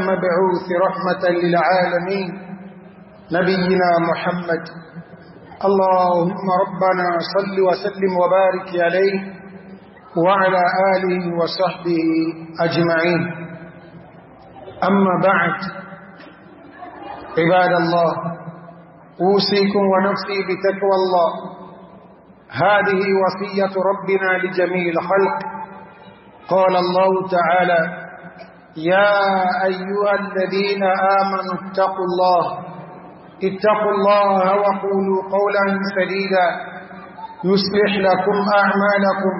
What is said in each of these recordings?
مبعوث رحمة للعالمين نبينا محمد اللهم ربنا صل وسلم وبارك عليه وعلى آله وصحبه أجمعين أما بعد عباد الله أوصيكم ونفسي بتقوى الله هذه وصية ربنا لجميع الخلق قال الله تعالى يا أيها الذين آمنوا اتقوا الله اتقوا الله وقولوا قولا سديدا يصلح لكم أعمالكم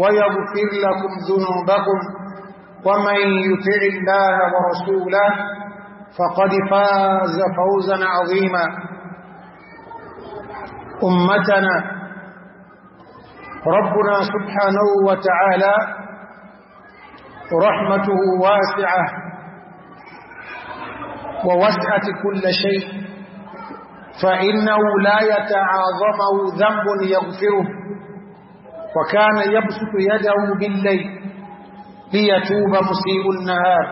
ويغفر لكم ذنوبكم ومن يطع الله ورسوله فقد فاز فوزا عظيما أمتنا ربنا سبحانه وتعالى رحمته واسعة ووسعت كل شيء فإنه لا يتعاظمه ذنب يغفره وكان يبسط يده بالليل ليتوب مسيء النهار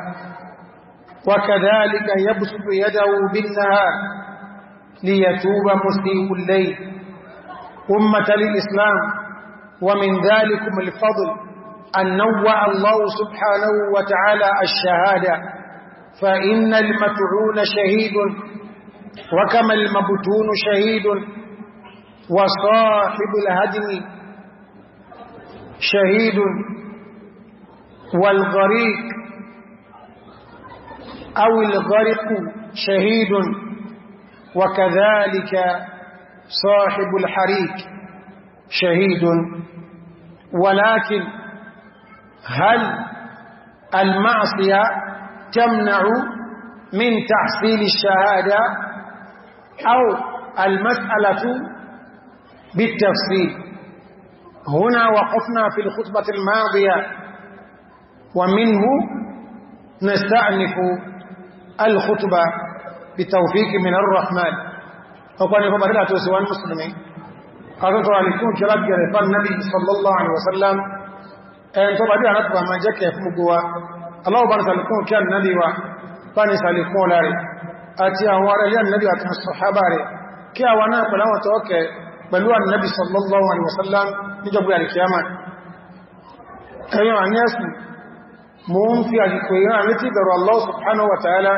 وكذلك يبسط يده بالنهار ليتوب مسيء الليل أمة الإسلام ومن ذلكم الفضل أن نوع الله سبحانه وتعالى الشهادة فإن المتعون شهيد وكما المبتون شهيد وصاحب الهدم شهيد والغريق أو الغرق شهيد وكذلك صاحب الحريق شهيد ولكن هل المعصية تمنع من تحصيل الشهادة أو المسألة بالتفصيل هنا وقفنا في الخطبة الماضية ومنه نستأنف الخطبة بتوفيق من الرحمن وقال ni fọ́bàrílà tó سواء ní musulmi a tó tọ́rọ alìkún kí lágbẹ̀rẹ̀ fán nabi sallallahu ẹn tó bá dí àrátùwà máa jẹ́ kẹ fún gbogbo wa aláwọ̀ bá ní sàlìkún kí ànìyàn wa bá ní sàlìkún ọlá rẹ̀ àti àwọn ará ilé ànìyàn àti sọ̀hábà rẹ̀ kí àwọn náà pẹ̀lú àwọn tọ́ọ̀kẹ pẹ̀lú ànìyàn sallallahu alaihi wasallam níjọba àríkíyàmà ẹ̀yàn àníyàsì mo ń fi àjíkò ìran àrí tí ìbẹ̀rù Allah subhanahu wa ta'ala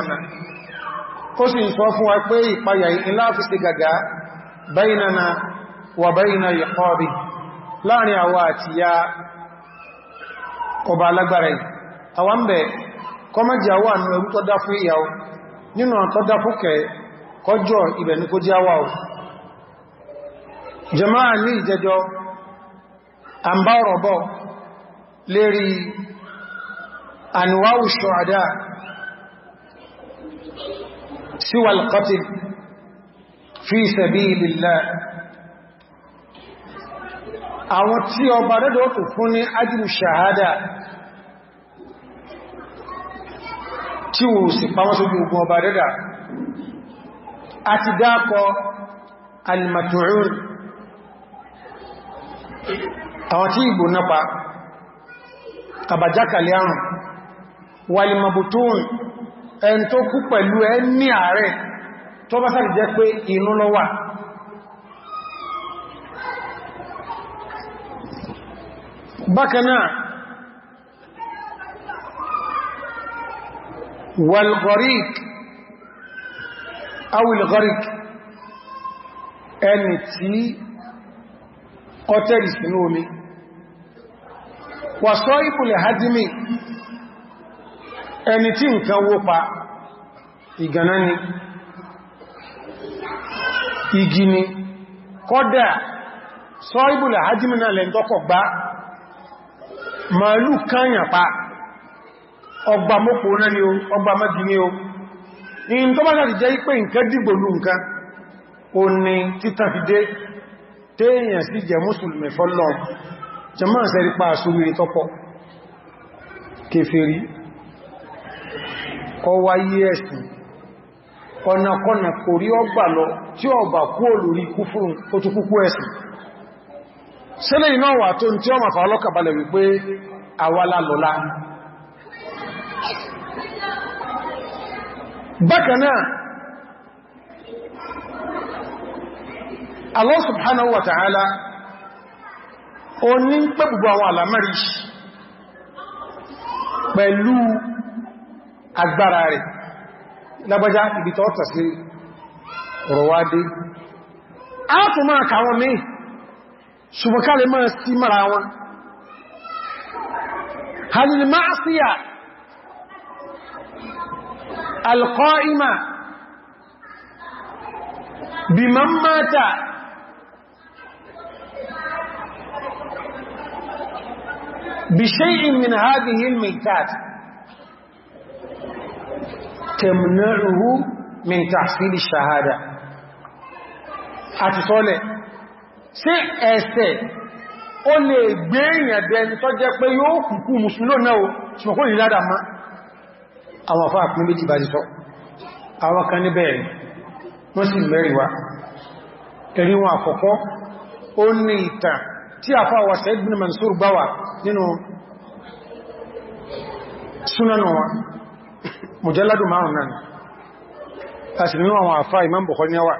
gẹ́mù tó sì ń sọ fún wa pé ìpayà ìlà fi sí gàgá báyìnana wà báyìna ìkọ́bì láàrin àwa àti ya ọba alágbára yìí àwọn bẹ̀ kọmọ́jì àwọ àmì ẹrú tó dá fún ìyàwó nínú tó fún kẹ kọjọ ibẹ̀ سوى القتل في سبيل الله àwọn tí ọba rẹ̀dọ̀ tó fún ní ajíru ṣàhádà tí wò sí pàwọn sójú ogun ọba rẹ̀dà àti dápọ̀ alìmàtòrún àwọn tí ìgbò nápa àbájákàlẹ̀ àrùn wàlìmàbòtòrún ẹn tó kú pẹ̀lú ẹ ní ààrẹ tó bá sáré jẹ́ pé inú lọ wà bákanáà walghorik awilghorik ẹni tí ọtẹ́rì sínú omi wàsọ́ ìpùlẹ̀ hajjimi ẹni tí nǹkan wó pa ìgànná ni igi ni kọ́dà sọ ìbùlà hajjimina lẹ́ntọ́kọ̀ gbá màálù kányàn pa ọgbà mọ́pò náà ni o ọgbà mọ́gí ni o in tó bá láti jẹ́ pé nǹkan dìgbòlù nǹkan o ni títàn fìdé téèyàn sí jẹ mùsùlùmí fọ́lọ́ jẹmọ́ ìsẹ́rípa àṣúrí tọ́pọ̀ kèfèrí kọ wáyé ẹ̀sìn ọ̀nàkọ́nà kò rí ọgbà lọ tí ọba kú olórí kú fún ó tún kúkú ẹ̀sìn sílẹ̀ iná wà tó tí ọmọ fà ọlọ́kàbalẹ̀ wípé àwálá lọ́lá bákanáà Allah subhanahu wa ta'ala o ní pẹ́ pẹ̀lú agbára rẹ̀ lágbàjá ibi tó tà sí rọwádé a tó máa kàwọn mí lè máa sí mara wọn halil ma'asiya alqa'ima bi man mata بشيء من هذه الميتات tẹ̀mùnáruhu min tàfíìlì ṣàhádà àti sọ́lẹ̀ sí ẹsẹ̀ ó lè gbé èèyàn dẹni tó jẹ́ pé yóò kùkú musulò náà ṣùgbọ́n ìlàdà má àwọn afọ́ àpín méjì bá ti sọ àwọn kan ní bẹ́ẹ̀ wọ́n sì wọn mujalladu márùn náà tàṣì nínú àwọn àfá Imam Bukhari níwà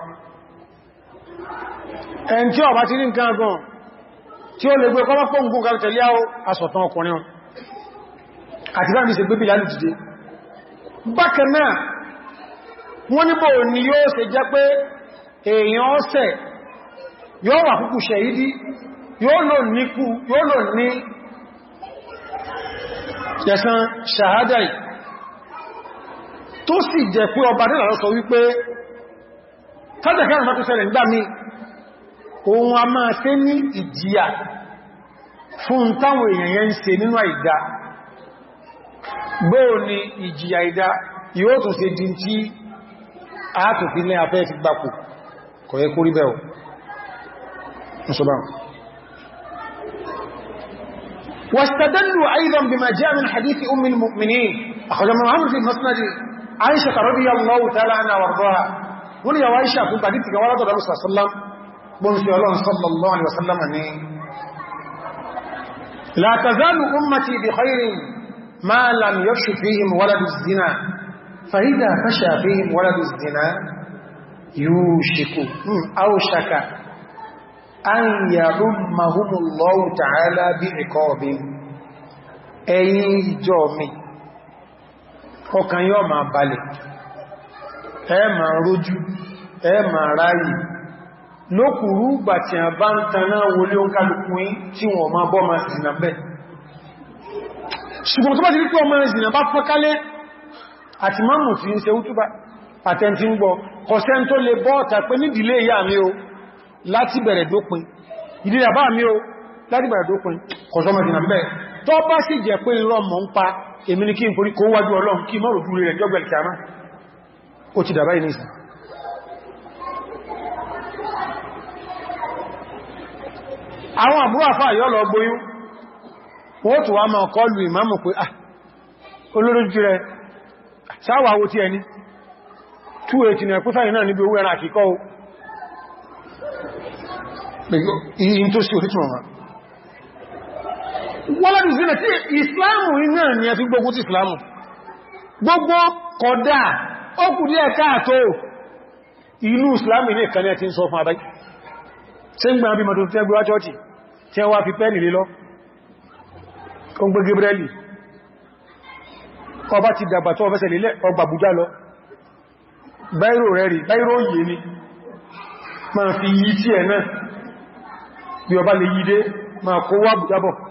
ẹn tí ọba ti ní nǹkan gan tí ó lè gbé kọ́lọ́pọ̀ nǹkan kan tẹ̀lé asọ̀tàn ọkùnrin àti bá mi se gbé Bilal dìde bákan náà wọ́n níbò ni yóò ṣe jẹ́ pé èèyàn ọ́sẹ̀ yóò wà kúkú ṣẹ̀yídí yóò lò ní ẹ̀san ṣàhádà yìí tó sì jẹ́ pé ọba dínà lọ sọ wípé kájẹ̀kẹ́rùn-ún tó ṣẹlẹ̀ nígbà mí ohun a máa tẹ́ ní ìjìyà fún táwọn èèyàn yẹn ń ṣe nínú àìdá gbóò ni ìjìyà àìdá yóò tún ṣe dín tí a tó fi ní واستدلوا أيضا بما جاء من حديث أم المؤمنين أخرج محمد في مسند aisha radi Allahu ta'ala anha warḍaha wọ́n yà aisha fún tàbí ti gawara da rasul sallam bon fi Ọlọ́run sallallahu alaihi wasallam ní la tazalu ummati bi khairin ma lam yafshu fihim walad az-zina fa idha fasha fihim walad az-zina yushiku aw shaka an yarummahum Allahu ta'ala bi iqabin ẹ̀yin ìjọ mi ọkàn yóò máa balẹ̀ ẹ máa rójú ẹ máa ráyì lókùrú gbà tí a bá ń taná wọlé ó kálùkù yí tí wọ́n máa bọ́ máa zìnà bẹ́ ṣùgbọ́n tó bá ti rí pé ọmọ zìnà bá fọ́kálẹ̀ àti máàmù tí ń ṣe útúbà àtẹ́ntí ń gbọ́ kọ̀sẹ́ tó lè bọ́ ọ̀tà pé nídìílé ìyá mi o láti bẹ̀rẹ̀ dópin ìdílé bàbá mi o láti bẹ̀rẹ̀ dópin kọ̀sọ́mọ̀ zìnà bẹ́ẹ̀ tó bá sì jẹ́ pé irọ́ ń pa èmi ní kí n forí kó wájú ọlọ́run kí mọ́rùn dúró rẹ̀ jọ́gbẹ̀l ó ti dàbá ìníṣì àwọn àbúrò àfáà yọ́ lọ gbóyún wọ́n tó wá máa kọlù ìmáàmù pé ah olórójú rẹ̀ sáwà owó tí ẹni wọ́lọ́dù zina tí ìsìláàmù iná ni a fi gbogbo ti ìsìláàmù gbogbo kọ̀dá ókùdí ẹ̀ká àtò ìlú ìsìláàmù ní ìkànnì ẹ̀tí ń sọ fún àbáyí tí ń gbà bí mọ̀tún tí ẹgbẹ́ wájọ́tì tí wá fi pẹ́ nìlé lọ ọba ti dàgbà tó ọfẹ́sẹ̀ lélẹ̀ ọgbà bùjá ma fi yí tí ẹ̀ náà bí ọba lè yí dé ma kó wá bùjábọ̀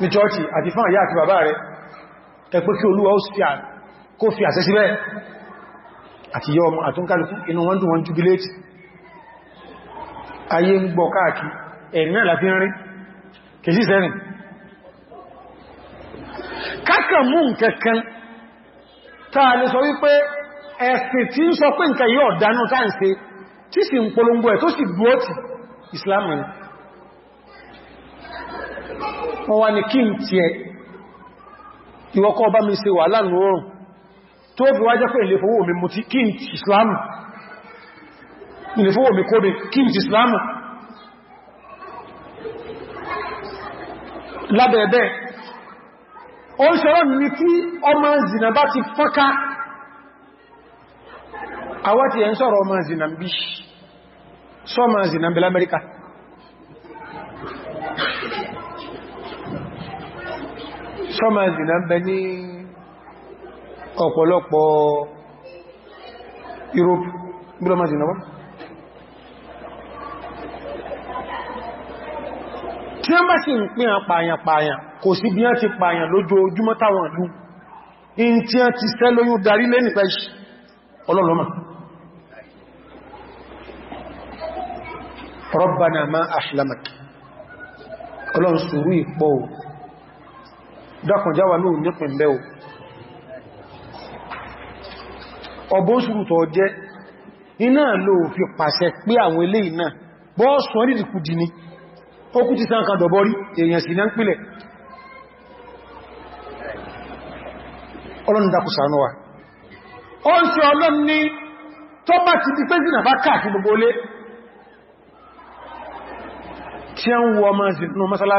ní chọ́ọ̀chì àti fún àyá àti bàbá rẹ̀ ẹgbẹ́ kí olúwa ó kó fi àṣẹ síbẹ̀ àti yọ ọmọ àtúnkálùkú inú wọ́n dùn wọ́n jubiléètì ayé ń gbọ́ káàkì ẹ̀mí àlàfí rí kèsí sẹ́rìn kákà mú nkẹ̀kẹ́ táà lè wọ́n wá ní kí n tí ẹ ìwọ́kọ́ bá mi ṣe wà láàrin oòrùn tó bí wá jẹ́ pé ilé fowó mi mú ti kí n ti islamu ilé fowó mi kó mi kí n ti islamu lábẹ̀ẹ̀bẹ̀ ó ń ṣọ́rọ̀ ní tí ọmọ zina bá ti fọ́ká àwọ́ ti ẹ̀ ń sọ̀rọ̀ ọmọ zina bí sọ́mọ zina bí lamẹ́ríkà sọ́mà zìnà bẹ ní ọ̀pọ̀lọpọ̀ Europe gbọ́nà zìnà wá tí a bá sì ń pín àpàyàn pàyàn kò sí bí a ti pàyàn lójoojúmọ́ táwọn ìlú in tí a ti sẹ́ lóyún darí lé nípa iṣẹ́ ọlọ́lọ́mà Rabbana ma ahlamak ọlọ́run sùúrù ìpọ̀ dákùnjáwà náà nípìn bẹ́ o ọbọ́n ṣúrù tọ́ jẹ́ iná ló fi pàṣẹ pé àwọn ilé iná bọ́ọ̀sùn orílẹ̀-èdè dì ní ó kú ti sáǹkà dọ̀bọ́rí èèyàn sì náà ń pìlẹ̀ ọlọ́run ṣe ti di gbogbo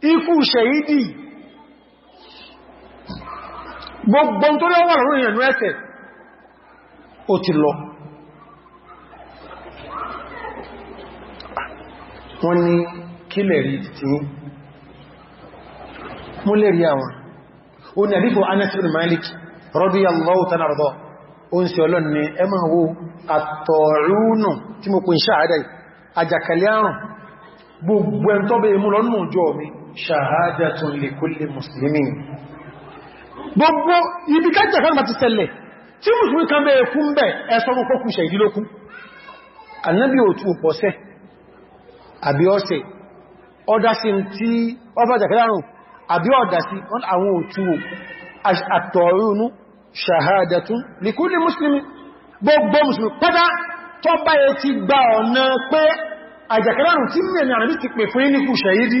ikú ṣẹ̀yídì gbogbo tó lọ́wọ́ lọ́rún ìyànú ẹ̀sẹ̀ ó ti lọ wọ́n ní kí lẹ̀rí títí mú lẹ́rí àwọn ó ní àdífò Anas bin Malik radiyallahu ta'ala rọ̀dọ̀ ó ń se ọlọ́n ni ẹ máa wo àtọ̀rúnù tí mo kùn ṣáàdá àjàkálẹ̀ àrùn gbogbo ẹn tọ́bẹ̀ òjò mi ṣàhádàtún lè kúlè musulmi gbogbo ibi kájẹ̀ kan bàti sẹlẹ̀ tí musulmi kan bẹ̀rẹ̀ kú ń bẹ̀ ẹsọ mú kókù ṣe ìdílókún annabi ò tún pọ̀sẹ̀ àbí ọ́sẹ̀ ọ́dá sí tí ọba jàkẹ́lárùn àbí ọ̀dá sí àwọn òtúwò àtọ̀rúnú ṣàhádàtún lè kúlè musulmi gbogbo musulmi pẹ́dá tó bá yẹ ti gba ọ̀nà pé àjàkẹ́lárùn tí mẹ́rin àrẹ́bí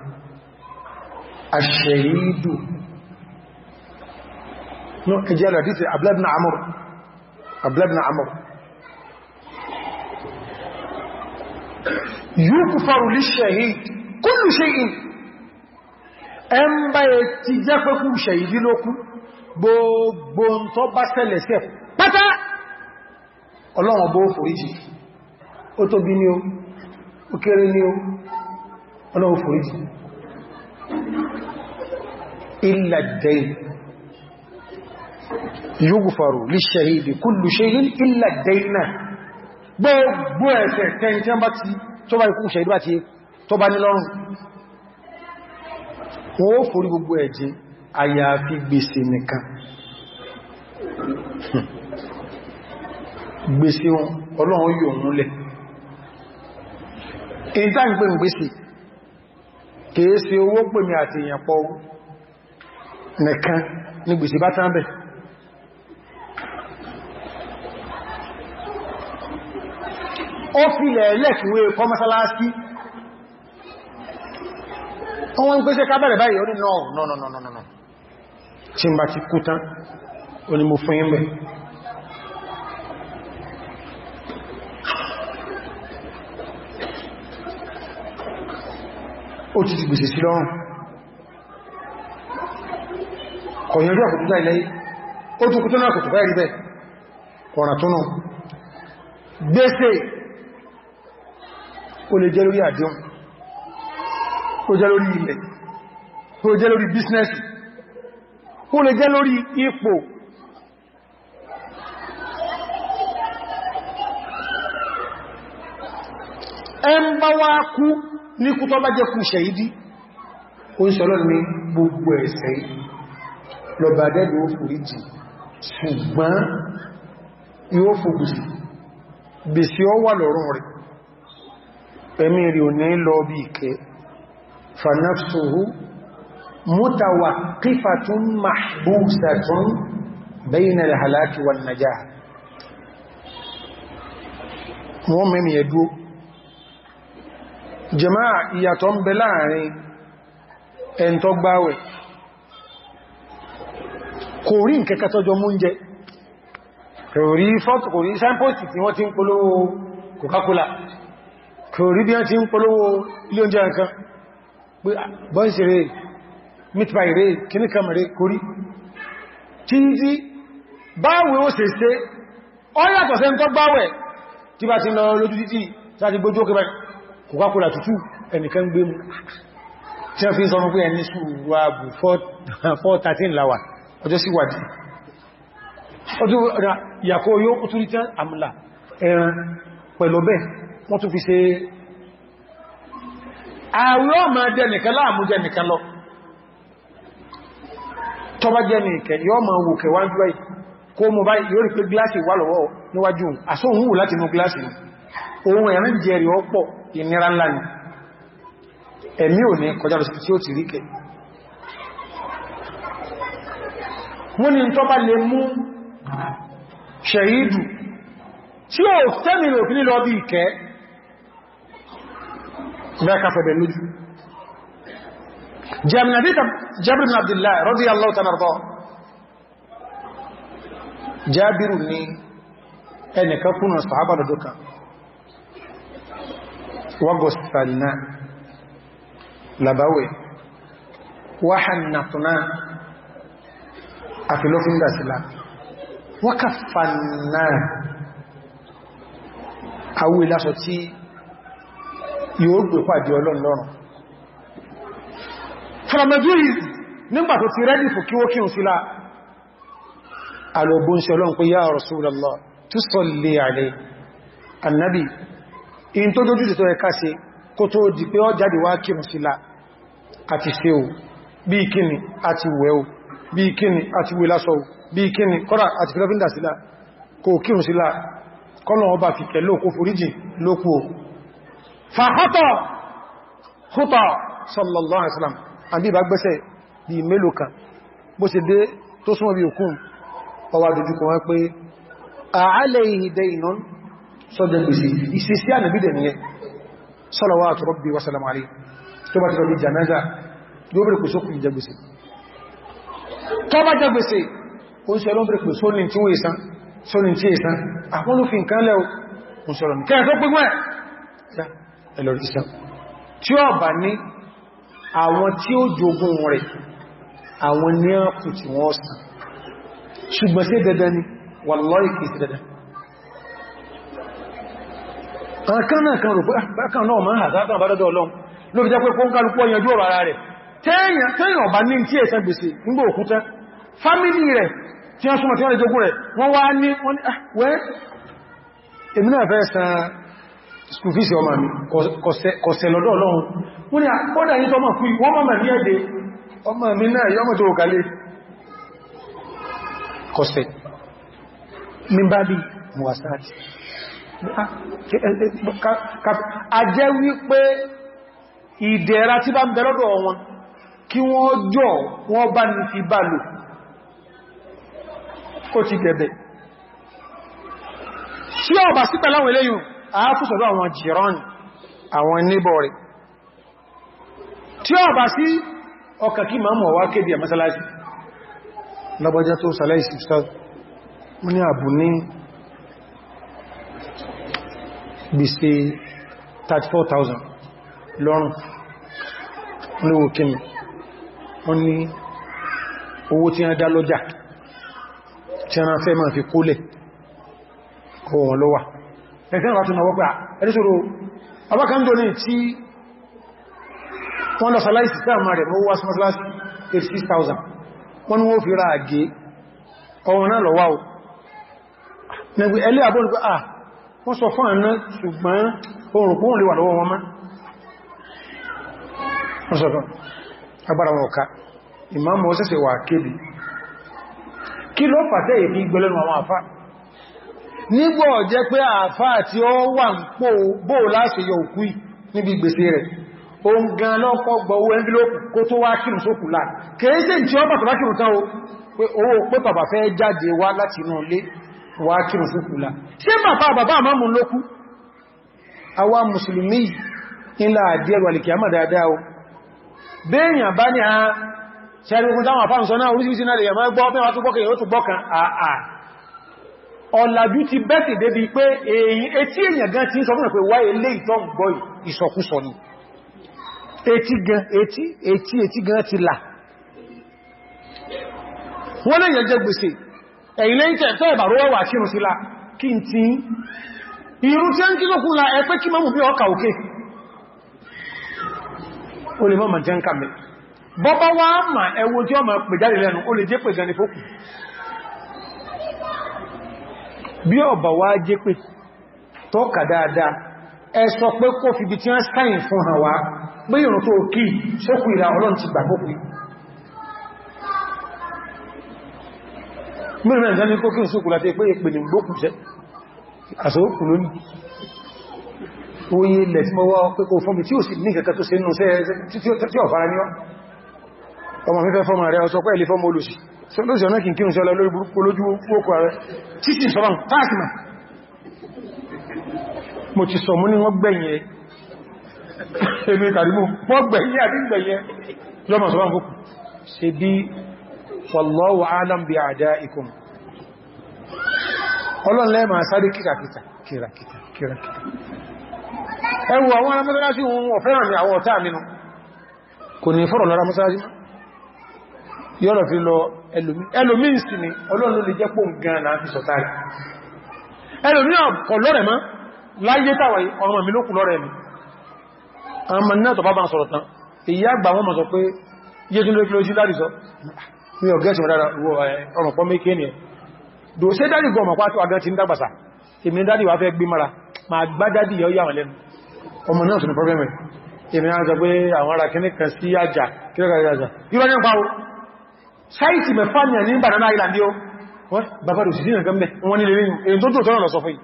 àṣẹ̀yìdù ní ẹjẹ́ àdísẹ̀ abúlẹ́bìnà amur abúlẹ́bìnà yóò kú faru lè ṣẹ̀yìd kúlù ṣe'in ẹn bá yẹ ti jẹ́ pé kú ṣẹ̀yìdì lókú gbogbo tó bá ṣẹlẹ̀ sí pátá ọlọ́run bó ó tóbi إلا الدين يغفر للشهيد كل شيء إلا الدين gbogbo ẹ̀ṣẹ̀ tẹ́yìn tí wọ́n bá ti tó bá ikú ṣẹ̀dú àti tó bá nílọ́rùn wọ́n ó forí gbogbo ẹ̀jẹ́ àyàfi gbèsè nìkan gbèsè wọn ọlọ́run yóò múlẹ̀ ìntàgbẹ̀ gbèsè kèése owó pèmí àti ìyànpọ̀ nìkan ní gbèsè bá tán bẹ̀ ó filẹ̀ ẹlẹ́kìwé kọ́ mọ́sálásí wọ́n ń pèsè kábẹ̀rẹ̀ báyìí orí náà nọ́nà tí ń bá ti kú tán o ni mo fún yín bẹ̀ ó ti ti gbèsè sí lọ́rùn kọ̀yọ̀rí àkùtùjá ilẹ̀ ó tún kútó náà kò tùfẹ́ rí bẹ́ ọ̀rà tó náà gbèsè ó lè jẹ́ lórí àdíọ́n ó jẹ́ lórí ilẹ̀ ó jẹ́ lórí bísínẹ́sì ó lè jẹ́ lórí ipò ẹn bá wá kú ní kú bá jẹ́ kú ṣẹ̀yìdí ó ń sọ lọ́nà ní gbogbo ẹ̀ṣẹ̀ lọba dẹ́dù ó fòrí jì ṣùgbọ́n yóò fògù sí gbèsè ọ wà lọ́rọ̀ rẹ̀ ẹ̀mí rí ò ní lọ bí ìkẹ́ fanafsuhu mutawaqifatun mahbusatun bayna al-halaki wan najah wọ́n mẹ́mí ẹ̀dúó jẹ́máà ìyàtọ̀ ń bẹ láàrin ẹ̀ntọ́gbáwẹ̀ kò rí nkẹ́kẹ́ tọ́jọ múnjẹ kò rí fọ́tù kò rí sáìpọ̀sì tí wọ́n ti ń polówó Coca-Cola kò rí bí wọ́n ti ń polówó ilé oúnjẹ nǹkan pé ah, bọ́ǹsì rẹ̀ mitpai rẹ̀ kìníkàm rẹ̀ kò rí tí ń tí báwẹ̀ ó sì ṣe ọ yàtọ̀ sẹ́ tó gbáwẹ̀ tí bá fi sọ fún pé ẹni sùúrù wa 413 láwàá ọjọ́ síwájú ọdún ra yàkó yóò kú túrí tán àmìlà ẹran pẹ̀lú bẹ́ wọ́n tún fi ṣe ààrẹ ọmọ jẹnìkan láàmú jẹnìkan lọ tọba jẹnìkan yóò mọ̀ wò kẹwàájú ẹ̀ kó mọ̀ bá yóò rí pé gíláàsì wà lọ́wọ́ níwájú àsóhun wù láti ni ẹ̀mí ò ní kọjá wọ́n ni tó bá lè mú ṣẹ̀yìdù tí ó tẹ́mì òfin lọ bí ìkẹ́ lẹ́kàfẹ̀bẹ̀ lójú Jabir bin Abdullah radiyallahu ta'ala anhu Jabiru ẹnìkan kúnnà sàhábà lọ́dọ́ kan wọ́gọ̀sànà labawẹ̀ wáhannàtùnáà àfi ló fi ń dàsílá wọ́kà fàánà awó ìlàsọ tí yóò gbé pàdé ọlọ́run fọ́nàmẹ́júrì nígbà tó ti rẹ́dì fò kíwó kíhùn sílá alóbó ń ṣe ọlọ́run pé yá Rasulullah tó sọ lè àrẹ annabi in tó dójú tó ẹka se kó tó di pé ọ jáde wá kíhùn sílá àti ṣe o bí kíni àti wẹ́ o bí kíni àti wèlá sọ bí kíni kọ́rà àti kìlọ́fíndà sílá kò kírùn sílá kọ́nà ọba fi kẹ̀lọ́ kó foríjì lókú o fàhátọ̀ hútọ̀ sallallahu alaihi wasallam àbí ìbá gbẹ́sẹ̀ bí mélòó kan bó ṣe dé tó súnmọ́ bí òkun ọwà dojúkọ wọn pé àálẹ́ ìdẹ bá ti lọ bí janaza yóò bẹ̀rẹ̀ kò sókùn ìjẹgbèsè tó bá jẹ gbèsè ó ń sọ ló ń bèèrè pé sólìn tí ó ìsan sólìn tí ìsan àwọn ló fi nǹkan lẹ́ ó sọ̀rọ̀ ní kẹ́ẹ̀ tó pín tí ó bá ní àwọn tí ó jogun rẹ̀ àwọn ní ọ̀pù tí wọ́n sàn ṣùgbọ́n sí dandan ni wallahi kìí sí dandan ọ̀kan náà kan rò pé ah, bákan náà máa hàtàkàn bá dọ́dọ̀ ọlọ́run ló fi jẹ́ pé kó ń kálùkú ọ̀yànjú ọ̀rọ̀ ara rẹ̀ fámílì rẹ̀ tí wọ́n súnmọ̀ tí wọ́n lè jogún rẹ̀ wọ́n wá ní wọ́n ní ah, wẹ́ èmi náà fẹ́ san school fees ọmọ mi kọ̀sẹ̀ lọ́dọ̀ ọlọ́run wọ́n ní àkọ́dà ah, yí tọ́mọ̀ fún wọ́n mọ̀ ní ẹ̀dẹ̀ ọmọ mi náà yọ́mọ̀ tó kalẹ̀ kọ̀sẹ̀ mímbábí mọ̀wàsáàtì àjẹ́ ah, eh, eh, wípé ìdẹ̀ra tí bá ń bẹ wọn kí wọ́n jọ wọ́n bá ní fi bá lò kó ti bẹ̀bẹ̀ tí ó bá sí pẹ̀láwọn eléyìn àáfúsọ̀dọ̀ àwọn jìrán àwọn níbọ̀ rẹ̀ tí ó bá sí ọkà kí máa mọ̀ wá kéde àmásálásí lọ́bọ́já tó sàlẹ́sì wọ́n ní àbù ní gbèsè 34,000 lọ́rùn ní òkè mi wọ́n owó tí wọ́n dá lọ́jà tí a fẹ́ máa fi kólẹ̀ ọwọ̀n lọ́wà ẹ̀kẹ́ ìbá tó náwọ́ pé ẹ̀rísòrò abákanjọ́ ní tí wọ́n lọ sàláìsì sáàmà rẹ̀ mọ́wọ́ sọ́sọ́láìsì 86,000 wọ́n ni wọ́n fi ra àgé ọwọ̀n náà lọ́wà o nẹgbẹ̀ ẹlẹ́ àbọ́n pé à wọ́n sọ fún àná ṣùgbọ́n oòrùn pọ́n lè wà lọ́wọ́ wọn má wọ́n sọ fún agbára wọn ọ̀ka ìmáàmù ọ̀sẹ̀sẹ̀ wà kébì kí ló fàtẹ́ ìfi gbẹ̀lẹ́nu àwọn àfá nígbọ́ jẹ́ pé àfá àti ó wà ń pò bó láti yọ òkú níbi gbèsè rẹ̀ o ń gan lọ́pọ̀ gbọ́wó envelope kó tó wá kírù sókù láà kèése tí kírù tán owó pé fẹ́ jáde wá láti inú ilé wá kírù sókù láà bàbá bàbá mú lókú ilá ṣẹ́rìkún táwọn àfáà ń sọ náà orísìírísìí náà lè yàmọ́ gbọ́ pẹ́wàá tó gbọ́kẹ̀ yóò tó gbọ́kàn àà ọ̀làjú ti bẹ́ẹ̀sì débi pé etí èyàn gan ti ń sọ fún ẹ̀ pé wá ìtọ́ ìsọkúsọ ni etí gan etí etí etí gan ti là wọ́n lè yẹn jẹ gbèsè ẹ̀yìn lẹ́yìn tẹ̀ tẹ́ ìbàrú la kí n ti irú tí ń kíkọ́ kúnla ẹ pé kí mọ́mù bí ọkà òkè o lè mọ́ màjẹ́ bọ́bá wá mà ẹwọ tí ọmọ pè jáde lẹ́nu ó lè jẹ́ pè gan ní fókù bí ọba wá jẹ́ pè tọ́ka dáadáa ẹ sọ pé kó fi bí tí wọ́n sáyìn fún hàn wá pé ìrùn tó kí sókù ìrà ọlọ́n ti gbà fókù mẹ́rin mẹ́rin ní kókí ìsókù láti pé ìpè ní gbókù jẹ́ àsókù oye ilẹ̀ tí mọ́ wá pé fún mi tí ò sì ní kẹta tó ṣe nù sẹ́ẹ̀ tí ó fara ní ọ́ ọmọ ma fọ́mọ rẹ̀ ọsọ pẹ́ẹ̀lì fọ́mọ olùsì sọ́lọ́sì ọ̀nà kìí kírùn sọ́lọ́ lórí burúkú lójú ókò rẹ̀ títí sọ́rọ̀n mo ti sọ mú ní wọ́n gbẹ̀yẹ èmi kàrímù bi àwọn sí ọ̀fẹ́ràn àwọn ọ̀tá kò ní fọ́rọ̀ sí yọ́nà fi lọ ẹlòmín sí ni ọlọ́run lè jẹ́ pò gan náà fi sọ̀tàrí ẹlòmín ọ̀pọ̀ lọ́rẹ̀ mọ́ láyé tàwàí ọmọ mi lókù lọ́rẹ̀ mi ọmọ náà tọ bá bá sọ̀rọ̀ tán èyí àgbà wọn mọ̀ sọ pé yé tún lókè lójú láti sọ mi ò gẹ́sùn rárá ọmọ pọ́ mékè ní ẹ̀ dòṣe dádì gan ọmọ pátó agán ti ń dàgbàsà èmi ní dádì wà fẹ́ gbé mara ma gbá dádì yọ yà wọn lẹ́nu ọmọ náà sọ ní pọ́blẹ́mẹ̀ èmi náà sọ pé àwọn ará kíní kan sí àjà kílẹ̀ kan sí àjà irọ́ ní sáìtì mẹ́fà ní àní banana island yóò wọ́n bàbá rò sí sí nǹkan mẹ́ wọ́n ní lèrè èyí tó tó tọ́rọ lọ sọ fún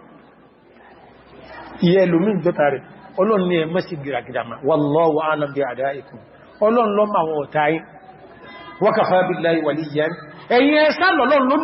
ìyẹ́ lómi jọta rẹ̀ ọlọ́run ní ẹmọ́ sí gìràgìdàmà wallahu a'lam bi a'da'ikum ọlọ́run ló mọ àwọn ọ̀tá yín wa kafa billahi waliyyan ẹ̀yin ẹ̀sá lọ́lọ́run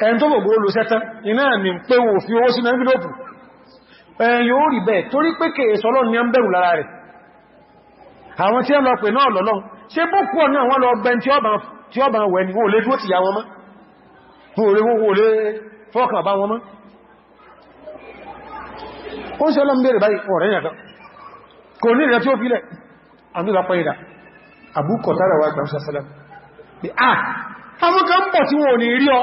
ẹn tó gbogbo olùsẹ́tán iná mi ń pé wò fi owó sínú envelope ẹn yóò rí bẹ́ẹ̀ torí pé kèè sọ́lọ́ ní ẹmbẹ̀rù lára rẹ̀ àwọn tí ẹ lọ pè náà lọ́lọ́ ṣe bó pọ̀ náà wọ́n lọ bẹn tí ọba wẹ̀ ní wòlé tó ti yà wọn mọ́ wòlé wòlé fọ́kàn bá wọn mọ́ ó ṣe ọlọ́m bèèrè báyìí ọ̀rẹ́ ìyàká kò ní ìrẹ́ tí ó fílẹ̀ àmìlàpọ̀ ìdà àbúkọ̀ tára wà gbàmsàsálà pé ah àwọn kan pọ̀ tí wọ́n ò ní rí ọ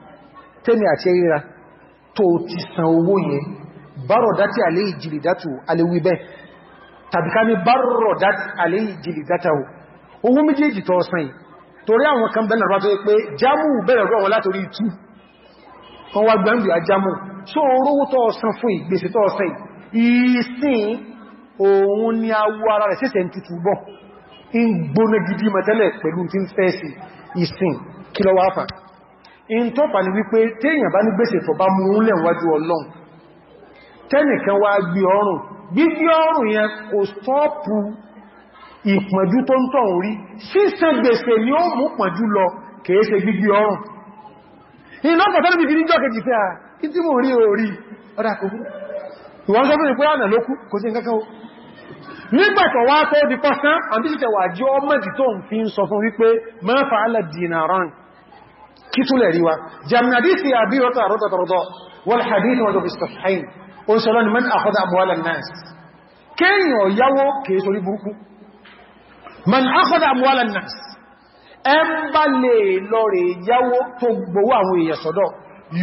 tẹ́mi àti ẹ̀ríra tó ti san owó yẹn bárọ̀dátì alẹ́ ìjìlìdátù alẹ́wíbẹ́ tàbí ká ní bárọ̀dátì alẹ́ ìjìlìdátàwò owó méjèèjì tó san yìí torí àwọn kan bẹ́ẹ̀ nàrọ̀ tó yẹ pé jámù bẹ̀rẹ̀ rọ̀ wọn látorí tú kan wá gbẹ̀mù à jámù tó rówó tó san fún ìgbèsè tó san ìsìn gidi mẹ́tẹ́lẹ̀ pẹ̀lú tí ń ìsìn in tó pa ní wípé téèyàn bá ní gbèsè tó bá mú lẹ̀ wájú ọlọ́run tẹ́nìkan wá gbí ọrùn gbígbí ọrùn yẹn kò stọ́pù ìpọ̀njú tó ń tọ̀ orí sísan gbèsè ni ó mú pọ̀njú lọ kèése gbígbí ọrùn ìlọ́pàá tẹ́lẹ̀ fi níjọ́ kejì pé à ìtí mò rí orí ọ̀dá kò fún ìwọ́n sọ fún ìpé ànà nígbàtọ̀ wá tó di pọ́sán àbíṣẹ́ wà jí ọmọ jì tó ń fi ń sọ fún wípé mẹ́fà alẹ́ rán كتل روا جمع حديث أبي رضا رضا رضا والحديث وجه في الصحيحين أنسلون من أخذ أموال الناس كي يو كيسوري بركو من أخذ أموال الناس أمبا لي لوري يو تقبوا ويسدو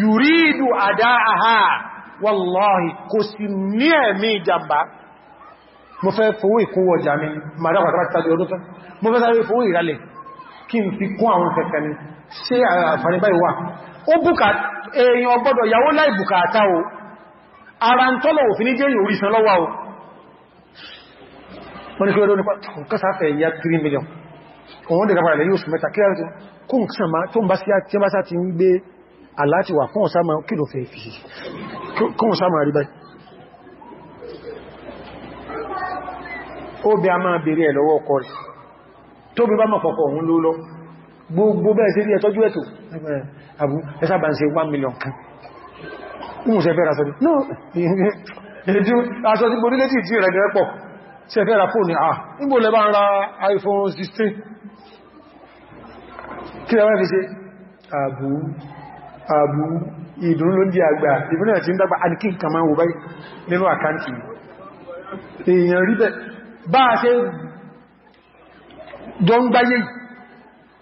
يريد أداءها والله كسمي مي جنبا mo fẹ́ fowó ìkówó ọjà mi ma dápàtàpàtà di ọdún tán mo fẹ́ sáré fowó ìrálẹ̀ kí n fi kún àwọn kẹ̀kẹ́ ni ṣe àǹfààní báyìí wà ó bùkà èèyàn ọgbọ́dọ̀ yàwó láì bùkátà o ara ń tọ́lọ̀ òfin ní jẹ́yìn orísan lọ́wọ́ o wọ́n ni kí lọ́dọ́ nípa kọsáfẹ́ ìyá 3 million òun dẹ̀ kápàrà lẹ́yìn oṣù mẹ́ta kíyà tó kún sàmá tó ń bá sí àti ẹmbásá ti ń aláti wà kún ọ̀sá máa kìlò fẹ́ fi kún ọ̀sá máa rí báyìí ó bí a máa bèèrè ẹ̀ lọ́wọ́ ọkọ rẹ̀ tó bí bá mọ̀ pọ̀pọ̀ òun ló lọ́wọ́ gbogbo bẹ́ẹ̀ sí rí ẹ̀tọ́jú ẹ̀tò àbú ẹsàbà ń ṣe 1 million kan mú ṣe fẹ́ra sọ́dí no èdí aṣọ tí mo nílẹ́tì tí rẹ̀ gẹ́rẹ́ pọ̀ ṣe fẹ́ra fóònù à nígbò lẹ́bà ń ra iPhone 16 kí lẹ́wẹ́ fi ṣe àbú àbú ìdùn ló di àgbà ìbínà tí ń dàgbà àdíkì kan máa wò báyìí nínú àkáǹtì èèyàn rí bẹ́ẹ̀ bá a ṣe jọ ń gbáyé yìí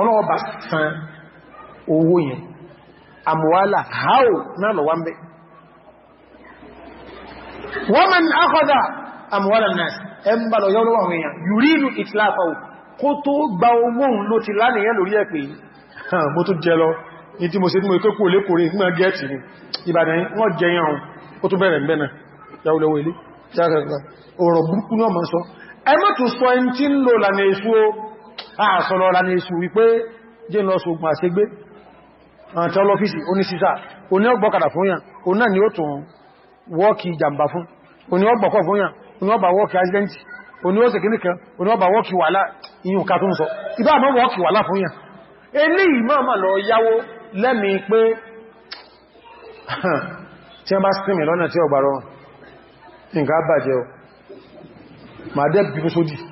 ọlọ́ọ̀bá san owó yẹn àmúwálà hao náà lọ wá ń bẹ́ wọ́n mọ̀ ní akọ́dá àmúwálà náà ẹ ń bá lọ yọ́rọ̀ àwọn èèyàn yùrínú ìtìláfàwò kó tó gba owó ló ti lánìyàn lórí ẹ̀ pé mo tó jẹ lọ ní tí mo ṣe tí mo kékò lékòrí gẹ́ẹ̀tì ni ìbàdàn wọ́n jẹ yàn ó tó bẹ̀rẹ̀ mẹ́nà yàwólẹ́wọ́ ilé ọ̀rọ̀ burúkú náà mọ́ sọ ẹ mọ́ tó sọ ẹni tí ń lò lànà èso àṣọlọ́ra ní èṣù wípé jẹ́ lọ ṣogun àṣẹgbé àti ọlọ́fíìsì oníṣíṣà oní ọgbọ́kàdà fún yàn o náà ni ó tún wọ́ọ̀kì ìjàmbá fún oní onye fún yàn oní ọba wọ́ọ̀kì accident oní ó sèkí nìkan oní ọba wọ́ọ̀kì wàhálà iyùn ká tó ń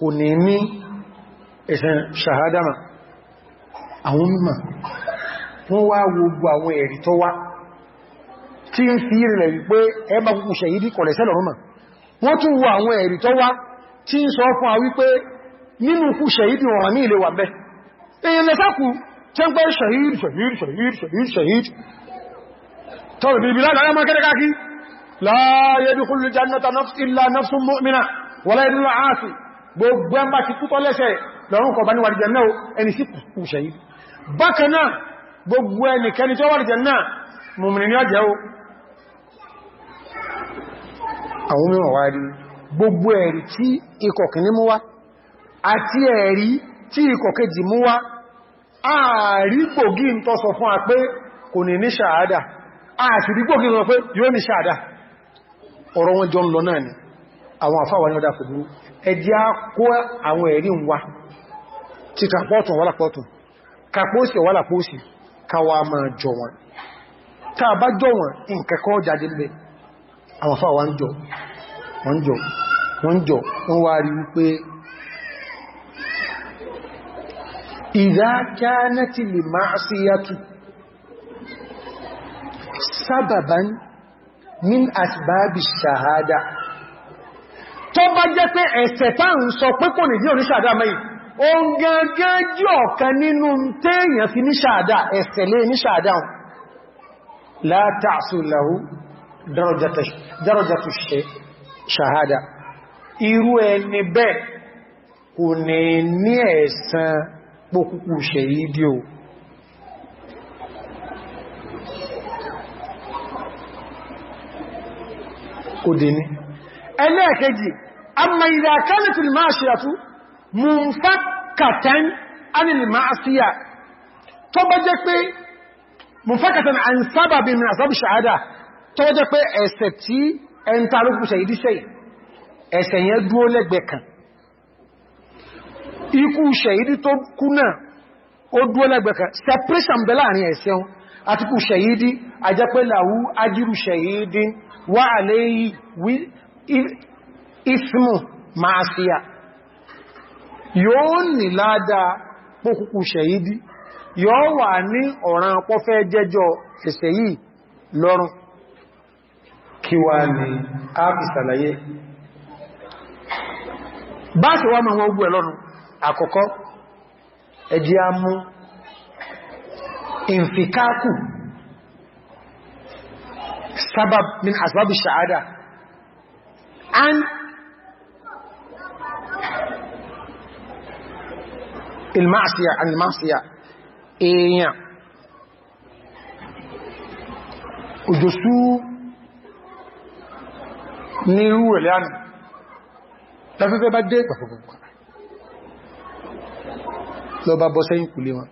kò ní ní ẹ̀sẹ̀ ṣàhádàmà àwọn mímọ̀ wọ́n wá gbogbo àwọn ẹ̀rí tó wá tí ń fi rẹ̀ wípé ẹbà kúkú ṣe yìí kọ̀lẹ̀ sẹ́lọ̀ wọ́n tún wo àwọn ẹ̀rí tó wá tí ń sọ fún nínú kú wọ̀n ní ilé wà gbogbo ẹmbá ti kú tọ́lẹ́sẹ̀ lọ́rùn kọba níwà ìjẹ̀ náà ẹni sí kù ṣẹ̀yí bákan náà gbogbo ẹnikẹni tó wà ìjẹ̀ náà mùmìnì ní ọjẹ́ o àwọn mìíràn wá rí gbogbo ẹ̀rí tí ikọ̀ kìíní mú wá àti ẹ̀rí tí a pé kò ní ní ṣàádà ààsì rí àwọn àfáwà ní ọdá kò burú ẹjẹ́ á kó àwọn ẹ̀rí ń wá ti kàpọ̀tún wà lápọ̀tún kàpọ̀sì wà lápọ̀sì káwà máa jọ wọn tá a bá jọ wọn nǹkan kọ́ jáde lẹ́ àwọn àfáwà ń jọ wọ́n jọ wọ́n wá rí wípé min asbábi shahada tó bá jẹ́ pé ẹ̀sẹ̀ tá ń sọ pé kò ní dí oníṣàdá mẹ́yìn o ń gẹ́gẹ́ jí ọ̀kan nínú téèyàn fi níṣàdá ẹ̀sẹ̀ lé níṣàdá la ta'su ṣàhádà irú ẹni bẹ́ẹ̀ kò ní ní ẹ̀san pókùkù ṣèyídí o kò dé ní ẹlẹ́ẹ̀kejì أما إذا كانت المعصية منفكة عن المعصية تبجك بي منفكة عن سبب من أسباب الشهادة تبجك بي أستي أنت عليك بشهيد شيء ẹ̀sẹ̀ yẹn dúó lẹ́gbẹ̀ẹ́ kan ikú ṣẹ̀yìdí tó kú náà ó dúó lẹ́gbẹ̀ẹ́ kan separation bẹ láàrin ẹ̀sẹ̀ wọn àti kú ṣẹ̀yìdí ajẹ́pẹ́ làwú ajírù ṣẹ̀yìdí wà àléyìí ismu maasiya yóò ní ládàá pókùkù ṣẹ̀yídí yóò wà ní ọ̀ràn pọ́fẹ́ jẹjọ ẹ̀ṣẹ̀ yìí lọ́rùn kí wá ní ápìsàlàyé bá sì wá máa wọ́n gbọ́ ẹ̀lọ́run àkọ́kọ́ ẹjí a mú ìfìkákù sábàb ṣàádà المعصية عن المعصية èèyàn òjòsú ní irú ẹ̀lẹ́ ànà láfẹ́fẹ́ bá dé pàpàpàpà lọ bá bọ́ sẹ́yìn kùlé wọn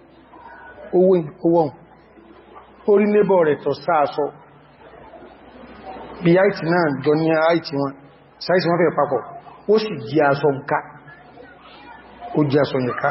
owó ìwọ̀n orí lébọ̀ rẹ̀ tọ̀ sáàsọ bí àìtì náà jọ ní àìtì wọn sáìtì wọn fẹ́ papọ̀ ó sì jí aṣọ nǹka ó jí aṣọ nǹka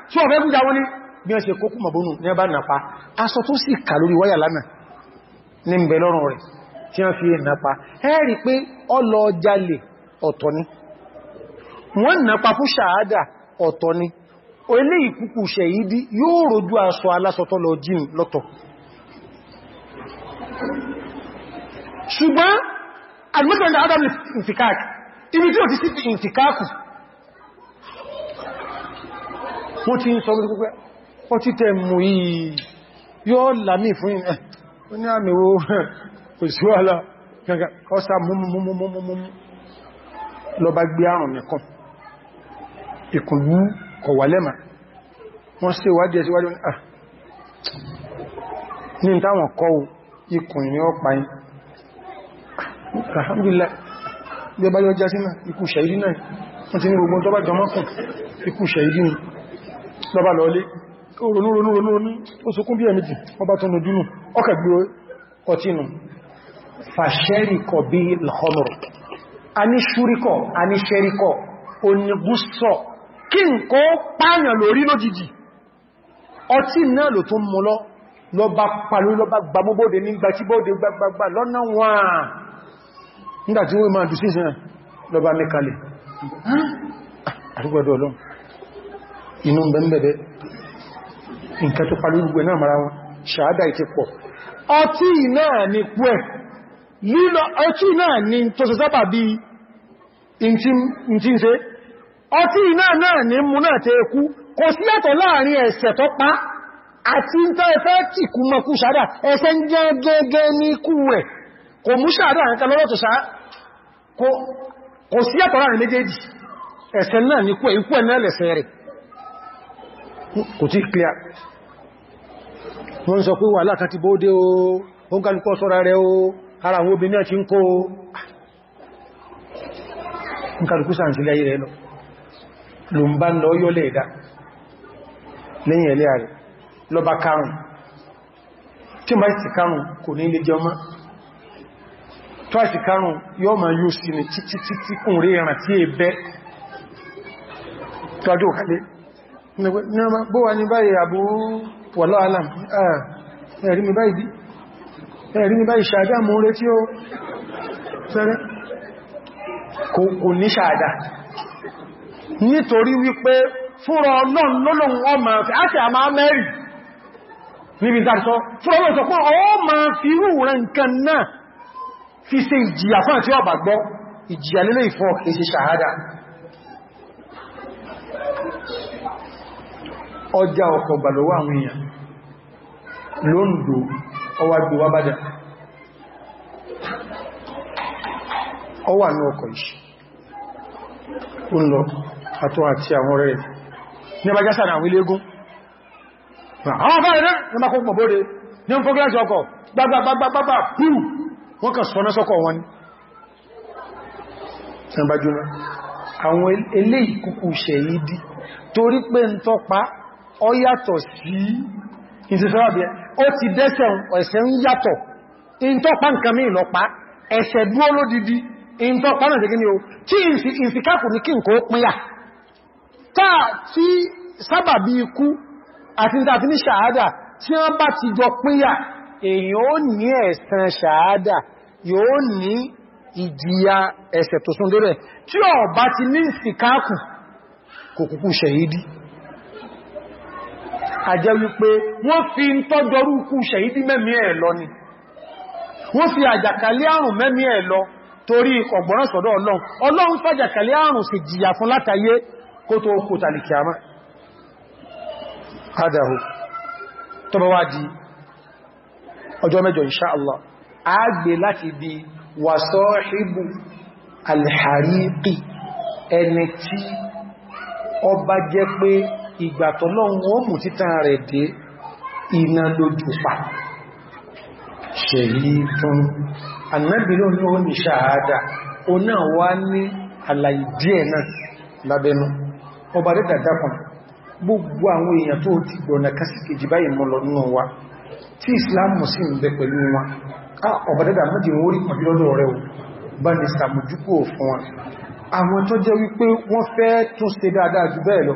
tí ọ̀fẹ́ bújá wọn ní bí wọ́n ṣe kókù mọ̀bónú ní ọba nàpa aṣọ tó sì kà lórí wáyà lánàá ní ń lọ́rùn rẹ̀ tí wọ́n fi nàpa ẹ́rì pé ọlọ jalè ọ̀tọ̀ ni wọ́n nàpa fún ṣàádà ọ̀tọ̀ ni ìkúkù yóò wọ́n ti ń sọ lórí púpẹ́ ọ ti tẹ mú yìí yóò lámì fún ìrìn ó ní àmì wo kò sí wọ́lá gẹ́gẹ́ ọ́sá múmúmúmúmú lọ bá gbé àrùn nìkan ìkùnlú kọ̀wàlẹ́mà wọ́n sí ìwádìí ẹ̀ síwádìí ah ní táwọn kọ́ ikùn ìrìn ọpa lọ́bá lọ́lé ronúronúronú ó sọkún bí ẹ̀mìjì ọba tó nùdúnù ọkà gbé ọtínù fàṣẹ́ríkọ̀ bí lọ́mọ̀rọ̀ a ní ṣúríkọ̀ a ní ṣẹ́ríkọ̀ onígúsọ̀ kí n kó pààyàn lórí lójijì ọtí náà ló tó mú lọ lọ́bá palú lọ́bá gbàmúbóde ní gbàtíbóde gbàgbàgbà lọ́nà wọn nígbàtí wọ́n inú bẹ̀m̀bẹ̀bẹ̀ nǹkan tó parí gbogbo náà mara wọn ṣàádà ìtẹ́ pọ̀ ọtí náà ni pú ẹ̀ lílọ ọtí náà ni tó ṣe sábà bí ìntí ṣe ọtí náà náà ni mú náà tẹ ẹkú kò sí yàtọ̀ láàrin ẹ̀ṣẹ̀ tó pa àti tẹ́ ẹfẹ́ tí kú mọ́kú ṣàádà ẹ̀ṣẹ̀ ń gẹ́gẹ́gẹ́ ní kú ẹ̀ kò mú ṣàádà nǹkan lọ́wọ́ tó ṣá kò sí láàrin méjèèjì kò tí clear wọ́n sọ pé wà láàkà ti bóde o ó ń kàlùkọ́ sọ́ra rẹ̀ o ara àwọn obìnrin náà ti ń kó o ń kàlùkú sàǹsílẹ̀ ayé rẹ̀ lọ ló ń bá ń lọ yọ́lẹ̀ ìdá lẹ́yìn ẹ̀lẹ́ rẹ̀ lọ bá karùn tí bó wà ní báyìí àbú wọ̀lọ́ alam ẹ̀rí mi báyìí ẹ̀rí mi báyìí ṣàdá mú rẹ tí ó fẹ́rẹ́ kò ní ṣàdá nítorí wípé fúnra ọlọ́n lọ́lọ́n ọmọ fi á sì a máa mẹ́rì níbi ìdàtọ́ fúnra ọlọ́n sọ pé ọ ma fi rú ọjà ọkọ̀ gbàlọ́wọ́ àwọn èèyàn lóǹdó ọwà gbò wá bádà ọwà ní ọkọ̀ ìṣẹ́ ó ń lọ àtọ́ àti àwọn rẹ̀ ní ọba jásà àwọn ilégún àwọn afẹ́rẹ̀ náà ní ọba kó pọ̀ bóde ní ọkọ̀ gíláṣì ọkọ̀ gbagbagbagbagbà púù wọ́n àwọn eléyìí kúkú ṣẹ̀yí dí torí pé ń tọ́pa ọ yàtọ̀ sí ìsìsọ́rọ̀bẹ̀ ó ti dẹ́sẹ̀ ẹ̀ṣẹ̀ ń yàtọ̀ ìntọ́pá nǹkan mí ìlọ́pá ẹ̀ṣẹ̀ dúó lódidi ìntọ́pá náà tẹ́gí ni ó tí ìsìkáàkù ní kí nǹkan ó pínyà táà tí sábàbí ikú àti ìdàtí ní ṣàádà tí wọ́n bá ti jọ pínyà èèyàn ó ní ẹ̀san àjẹ́ wípé wọ́n fi ń tọ́jọrú ikú ṣẹ̀yídí mẹ́mí ẹ̀ lọ ni wọ́n fi àjàkálẹ̀ àrùn mẹ́mí ẹ̀ lọ torí ọ̀gbọ̀nà sọ̀dọ̀ ọlọ́run ọlọ́run fàjàkálẹ̀ àrùn sì jìyà fún látàyé kó tó kò tàlìkìyàmá di láti di al ọba ìgbàtọ̀lọ́run ó mú títàn rẹ̀ dé iná lójú pa ṣèyí tún annábìlò ní ó ní ṣàádà ó náà wá ní àlàyé díẹ̀ náà lábẹ́nu ọba rẹ̀ dàdákan gbogbo àwọn èèyàn tó ti gbọ̀nà kásìkèjì báyìí mọ́ lọ nínú wa tí ìsìláàmù sì ń bẹ pẹ̀lú wọn ọba dẹ́dà mọ́dí wọ́n rí pàdé lọ́dọ̀ rẹ̀ o bá ní sàmójúkò fún wọn àwọn tó jẹ́ wípé wọ́n fẹ́ tún ṣe dáadáa jù bẹ́ẹ̀ lọ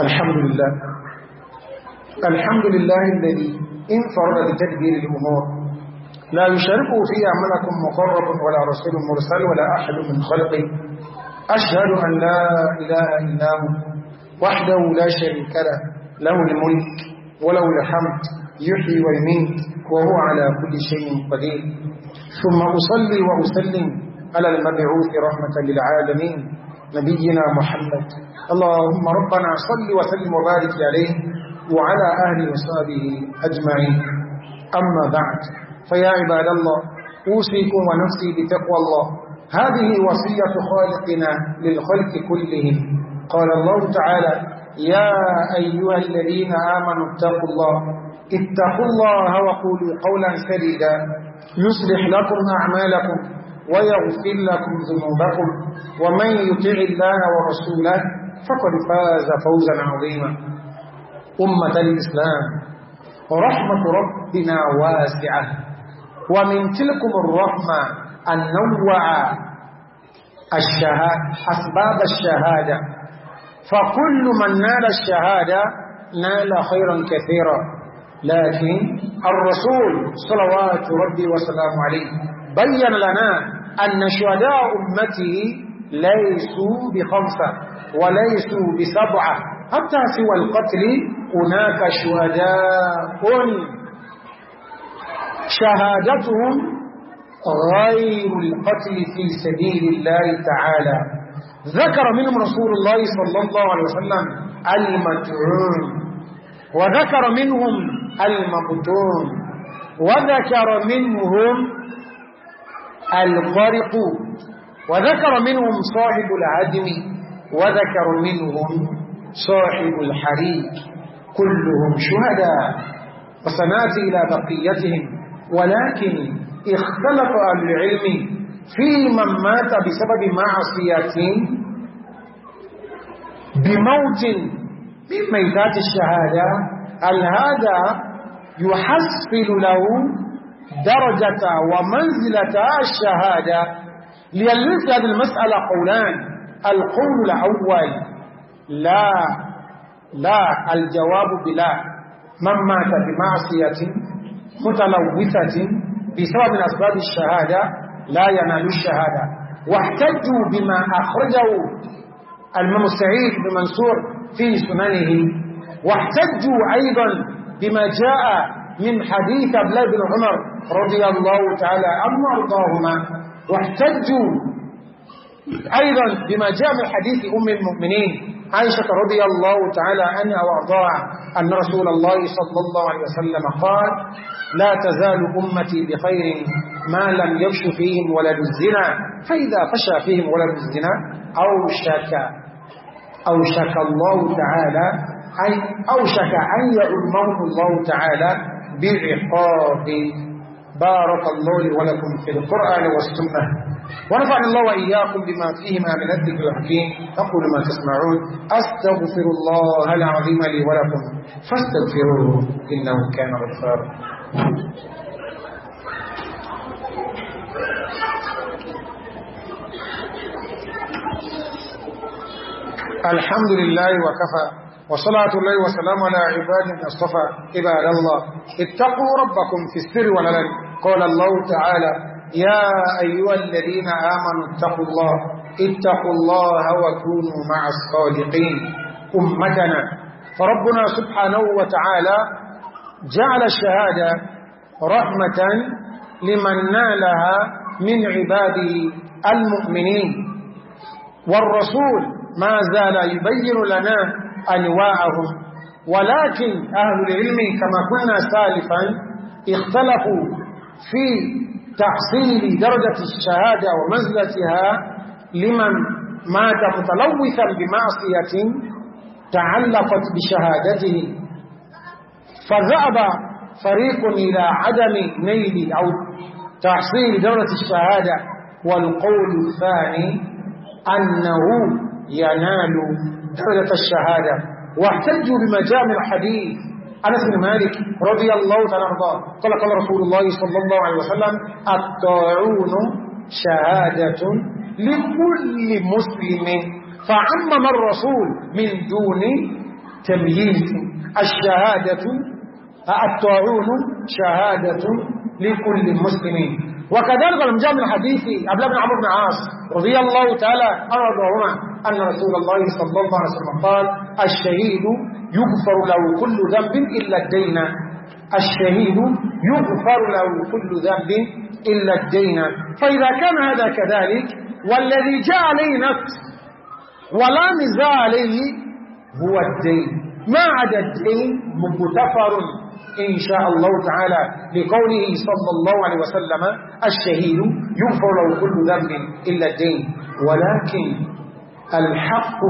الحمد لله الحمد لله الذي انفرد بتدبير الأمور لا يشاركه في عملكم مقرب ولا رسول مرسل ولا أحد من خلقه أشهد أن لا إله إلا هو وحده لا شريك له له الملك وله الحمد يحيي ويميت وهو على كل شيء قدير ثم أصلي وأسلم على المبعوث رحمة للعالمين نبينا محمد اللهم ربنا صل وسلم وبارك عليه وعلى آله وصحبه أجمعين أما بعد فيا عباد الله أوصيكم ونفسي بتقوى الله هذه وصية خالقنا للخلق كلهم قال الله تعالى يا أيها الذين آمنوا اتقوا الله اتقوا الله وقولوا قولا سديدا يصلح لكم أعمالكم ويغفر لكم ذنوبكم ومن يطع الله ورسوله فقد فاز فوزا عظيما أمة الإسلام رحمة ربنا واسعة ومن تلكم الرحمة أن نوع أسباب الشهادة فكل من نال الشهادة نال خيرا كثيرا لكن الرسول صلوات ربي وسلام عليه بين لنا أن شهداء أمته ليسوا بخمسة وليسوا بسبعة حتى سوى القتل هناك شهداء شهادتهم غير القتل في سبيل الله تعالى ذكر منهم رسول الله صلى الله عليه وسلم المتعون وذكر منهم المقتون وذكر منهم الغرق وذكر منهم صاحب العدم وذكر منهم صاحب الحريق كلهم شهداء وسناتي إلى بقيتهم ولكن اختلف أهل العلم في من مات بسبب معصية بموت من ميتات الشهادة هل هذا يحصل له درجة ومنزلة الشهادة ليلف هذه المسألة قولان القول الأول لا لا الجواب بلا من مات بمعصية متلوثة بسبب من أسباب الشهادة لا ينال الشهادة واحتجوا بما أخرجه الإمام السعيد بن منصور في سننه واحتجوا أيضا بما جاء من حديث أبلاء بن عمر رضي الله تعالى عنه وارضاهما واحتجوا أيضا بما جاء من حديث أم المؤمنين عائشة رضي الله تعالى عنها وأرضاها أن رسول الله صلى الله عليه وسلم قال لا تزال أمتي بخير ما لم يفش فيهم ولد الزنا فإذا فشى فيهم ولد الزنا أوشك أوشك الله تعالى أي أوشك أن يعلمهم الله تعالى بعقاب بارك الله لي ولكم في القرآن والسنة ونفعني الله وإياكم بما فيهما من الذكر الحكيم أقول ما تسمعون أستغفر الله العظيم لي ولكم فاستغفروه إنه كان غفارا الحمد لله وكفى وصلاة الله وسلام على عباد الصفا عباد الله اتقوا ربكم في السر والعلن قال الله تعالى يا أيها الذين آمنوا اتقوا الله اتقوا الله وكونوا مع الصادقين أمتنا فربنا سبحانه وتعالى جعل الشهادة رحمة لمن نالها من عباده المؤمنين والرسول ما زال يبين لنا أنواعهم ولكن أهل العلم كما قلنا سالفا اختلفوا في تحصيل درجة الشهادة ومزلتها لمن مات متلوثا بمعصية تعلقت بشهادته فذهب فريق إلى عدم نيل أو تحصيل درجة الشهادة والقول الثاني أنه ينالوا درجة الشهادة واحتجوا بما جاء من حديث أنس بن مالك رضي الله تعالى عنه قال قال رسول الله صلى الله عليه وسلم الطاعون شهادة لكل مسلم فعمم الرسول من دون تمييز الشهادة الطاعون شهادة لكل مسلم وكذلك لم جاء من حديث أبلا بن عمرو بن عاص رضي الله تعالى أرضهما أن رسول الله صلى الله عليه وسلم قال الشهيد يغفر له كل ذنب إلا الدين الشهيد يغفر له كل ذنب إلا الدين فإذا كان هذا كذلك والذي جاء عليه نفس ولا نزاع عليه هو الدين ما عدا الدين مغتفر إن شاء الله تعالى لقوله صلى الله عليه وسلم الشهيد يغفر له كل ذنب إلا الدين ولكن الحق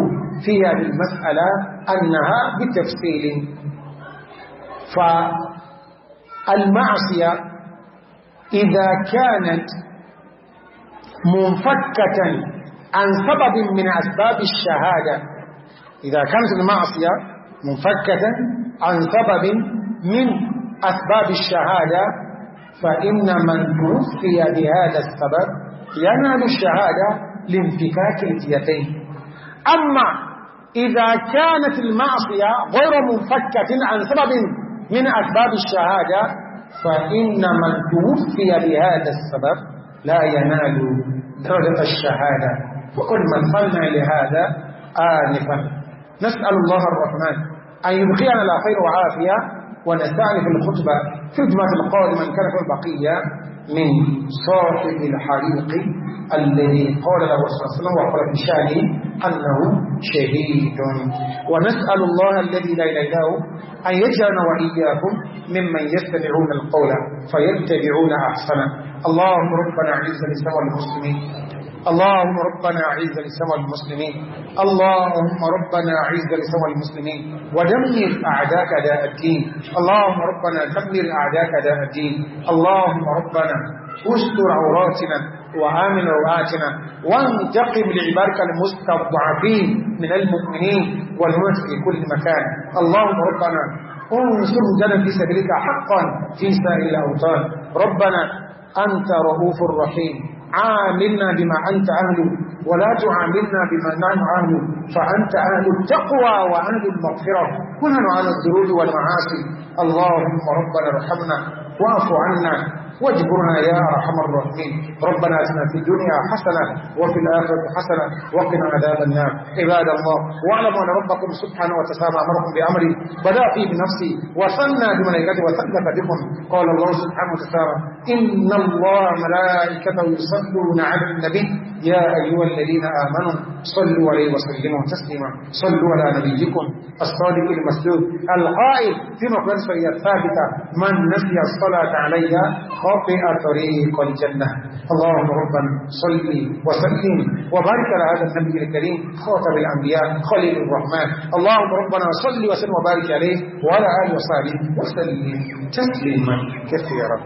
في هذه المسألة أنها بتفصيل فالمعصية إذا كانت منفكة عن سبب من أسباب الشهادة إذا كانت المعصية منفكة عن سبب من أسباب الشهادة فإن من توفي بهذا السبب ينال الشهادة لانفكاك الجيتين أما إذا كانت المعصية غير منفكة عن سبب من أسباب الشهادة فإن من توفي بهذا السبب لا ينال درجة الشهادة وكل من صنع لهذا آنفا نسأل الله الرحمن أن يبقينا لا خير وعافية ونستأنف الخطبة الجمعة القادمة إن كانت البقية من صاحب الحريق الذي قال له صلى الله عليه وسلم وقال في شانه أنه شهيد ونسأل الله الذي لا إله إلا هو أن يجعلنا وإياكم ممن يستمعون القول فيتبعون أحسنه اللهم ربنا أعز الإسلام والمسلمين اللهم ربنا اعز الاسلام والمسلمين اللهم ربنا اعز الاسلام والمسلمين ودمر اعداءك اعداء الدين اللهم ربنا دمر اعداءك اعداء الدين اللهم ربنا استر عوراتنا وآمن روآتنا وانتقم لعبارك المستضعفين من المؤمنين والمؤمنين في كل مكان اللهم ربنا انصر جنة في سبيلك حقا في سائر الأوطان ربنا أنت رؤوف رحيم عاملنا بما أنت أهله ولا تعاملنا بما نحن أهله فأنت أهل التقوى وأهل المغفرة كلنا على الذنوب والمعاصي اللهم ربنا ارحمنا واعف عنا واجبرنا يا أرحم الراحمين ربنا أتنا في الدنيا حسنة وفي الآخرة حسنة وقنا عذاب النار عباد الله واعلموا أن ربكم سبحانه وتسامى أمركم بأمري بدأ فيه بنفسي وسنى بملائكته وثلث بكم قال الله سبحانه وتسامى إن الله ملائكته يصلون على النبي يا أيها الذين آمنوا صلوا عليه وسلموا تسليما صلوا على نبيكم الصادق المسجود القائل في مقرصة الثابتة من نسي الصلاة عليها خاطئ طريق الجنة اللهم رب صل وسلم وبارك على هذا النبي الكريم خاطب الأنبياء خليل الرحمن اللهم ربنا صل وسلم وبارك عليه وعلى آله وصحبه وسلم تسليما كثيرا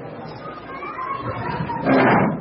Thank you.